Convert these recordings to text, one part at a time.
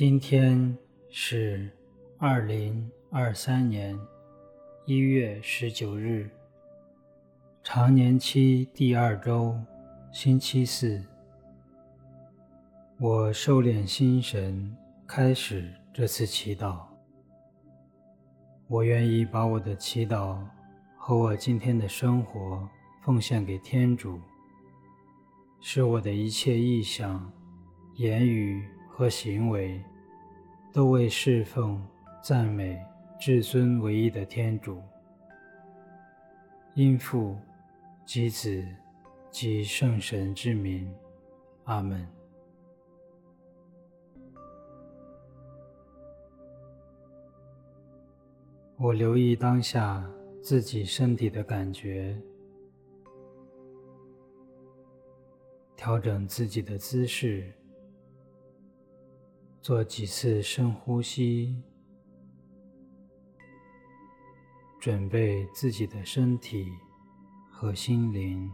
今天是二零二三年一月十九日，常年期第二週，星期四。我收斂心神，開始這次祈禱。我願意把我的祈禱和我今天的生活奉獻給天主，使我的一切意向、言語和行為，都為侍奉、讚美至尊唯一的天主，因父、及子、及聖神之名，阿門。我留意當下自己身體的感覺，調整自己的姿勢。做幾次深呼吸，準備自己的身體和心靈。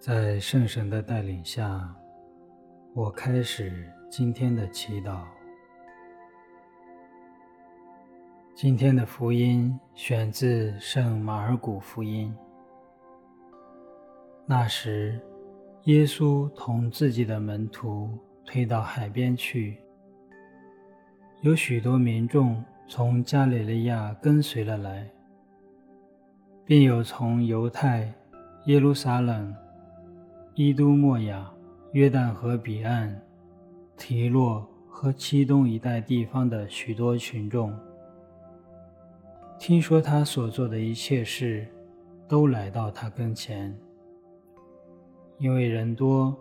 在聖神的帶領下，我開始今天的祈禱。今天的福音選自《聖馬爾谷福音》。那時，耶穌同自己的門徒退到海邊去，有許多民眾從加利利亞跟隨了來，並有從猶太、耶路撒冷。伊都莫雅、約旦河彼岸、提洛和漆冬一帶地方的許多群衆，聽說他所做的一切事，都來到他跟前。因為人多，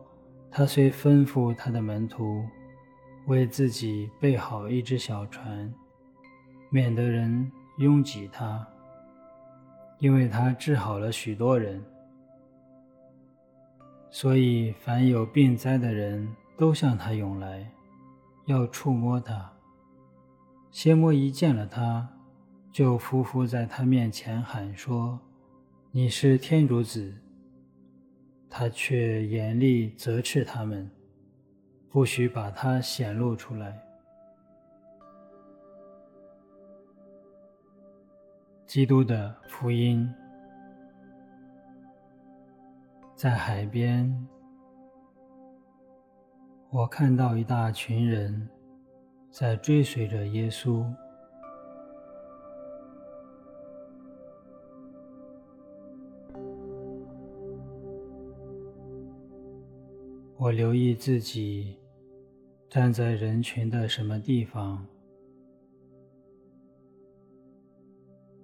他遂吩咐他的門徒為自己備好一隻小船，免得人擁擠他。因為他治好了許多人。所以，凡有病災的人都向他湧來，要觸摸他。邪魔一見了他，就匍匐在他面前喊說：“你是天主子。”他卻嚴厲責斥他們，不許把他顯露出來。基督的福音。在海邊，我看到一大群人在追隨着耶穌。我留意自己站在人群的什麼地方，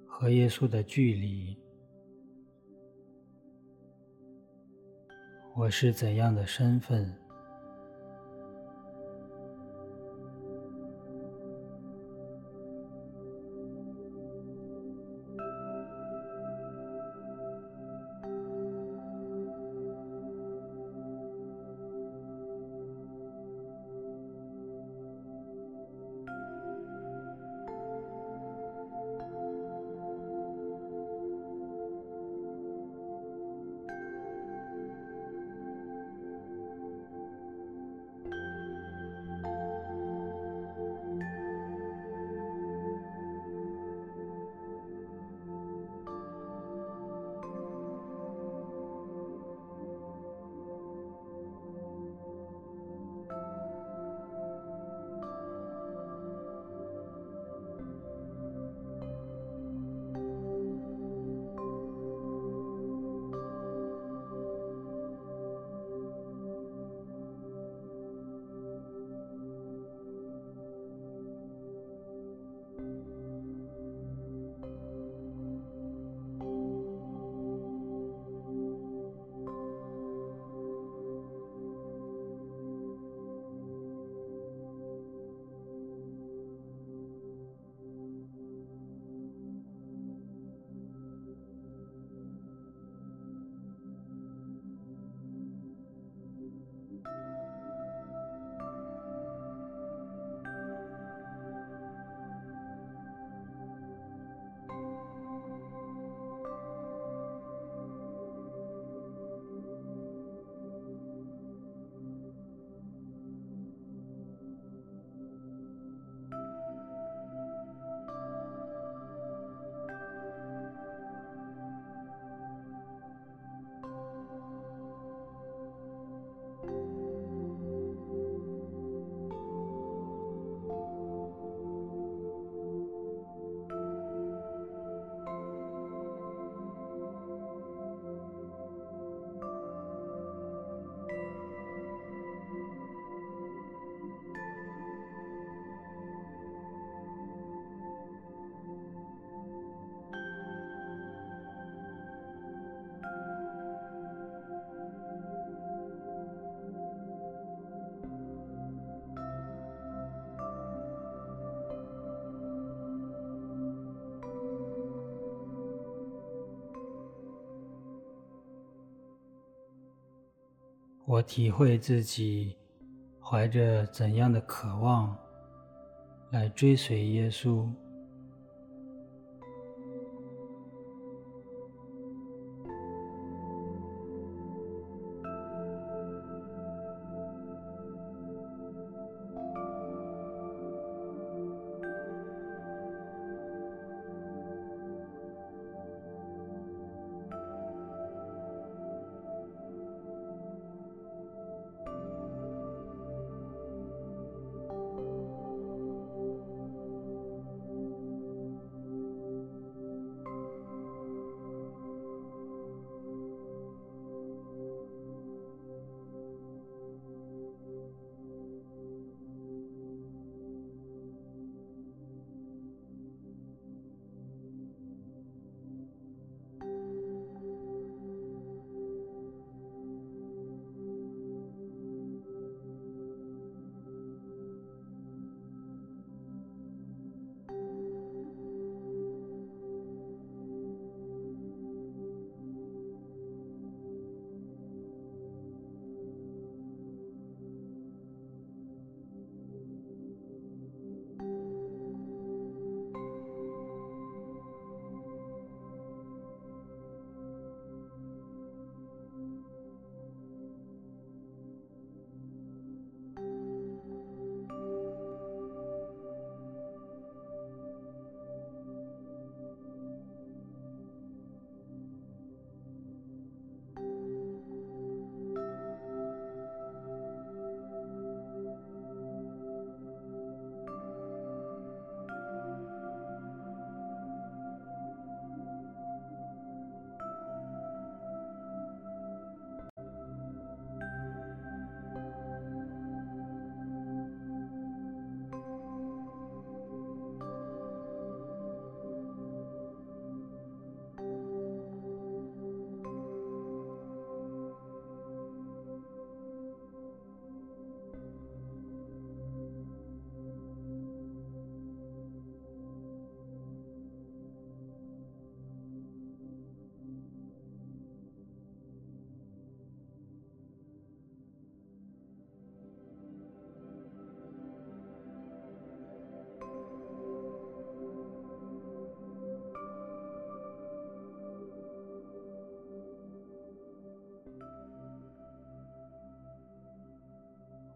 和耶穌的距離。我是怎樣的身份？我體會自己懷着怎樣的渴望來追隨耶穌。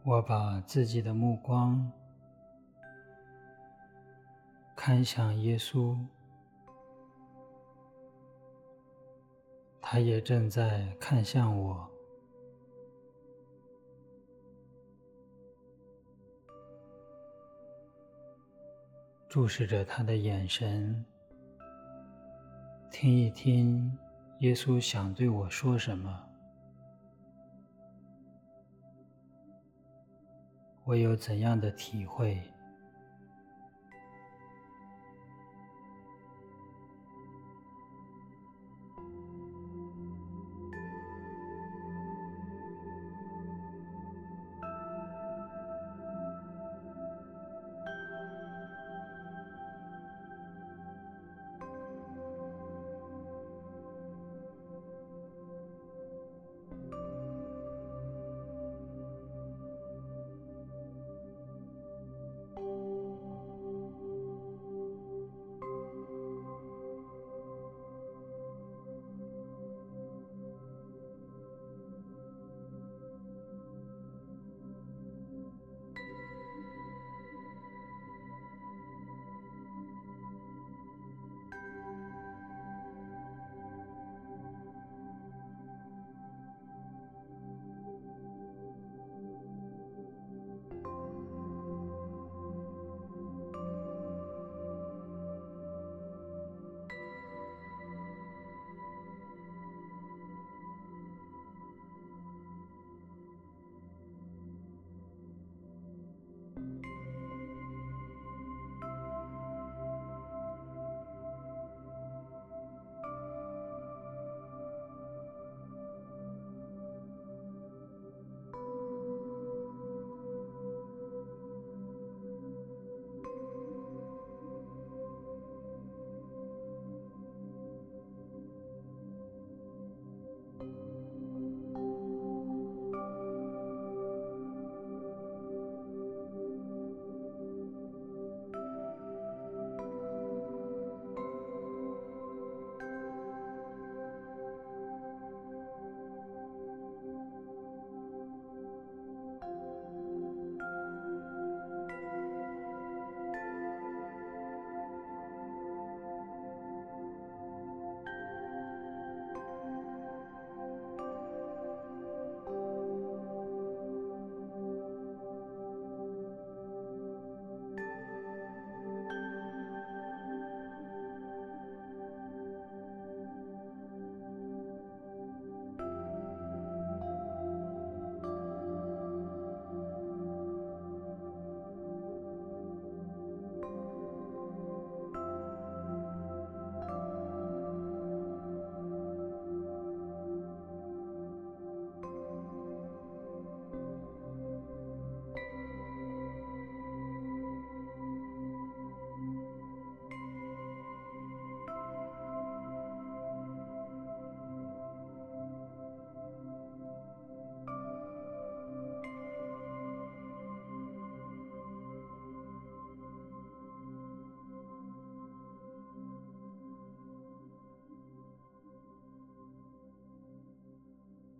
我把自己的目光看向耶穌，他也正在看向我，注視着他的眼神，聽一聽耶穌想對我說什麼。會有怎樣的體會？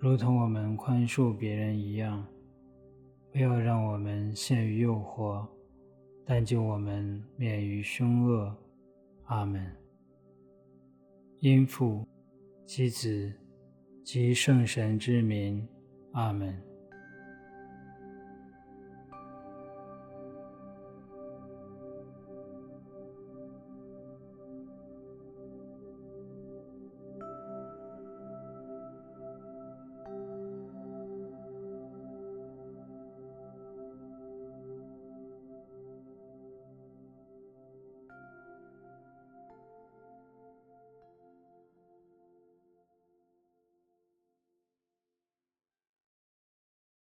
如同我們寬恕別人一樣，不要讓我們陷於誘惑，但救我們免於兇惡。阿門。因父及子及聖神之名。阿門。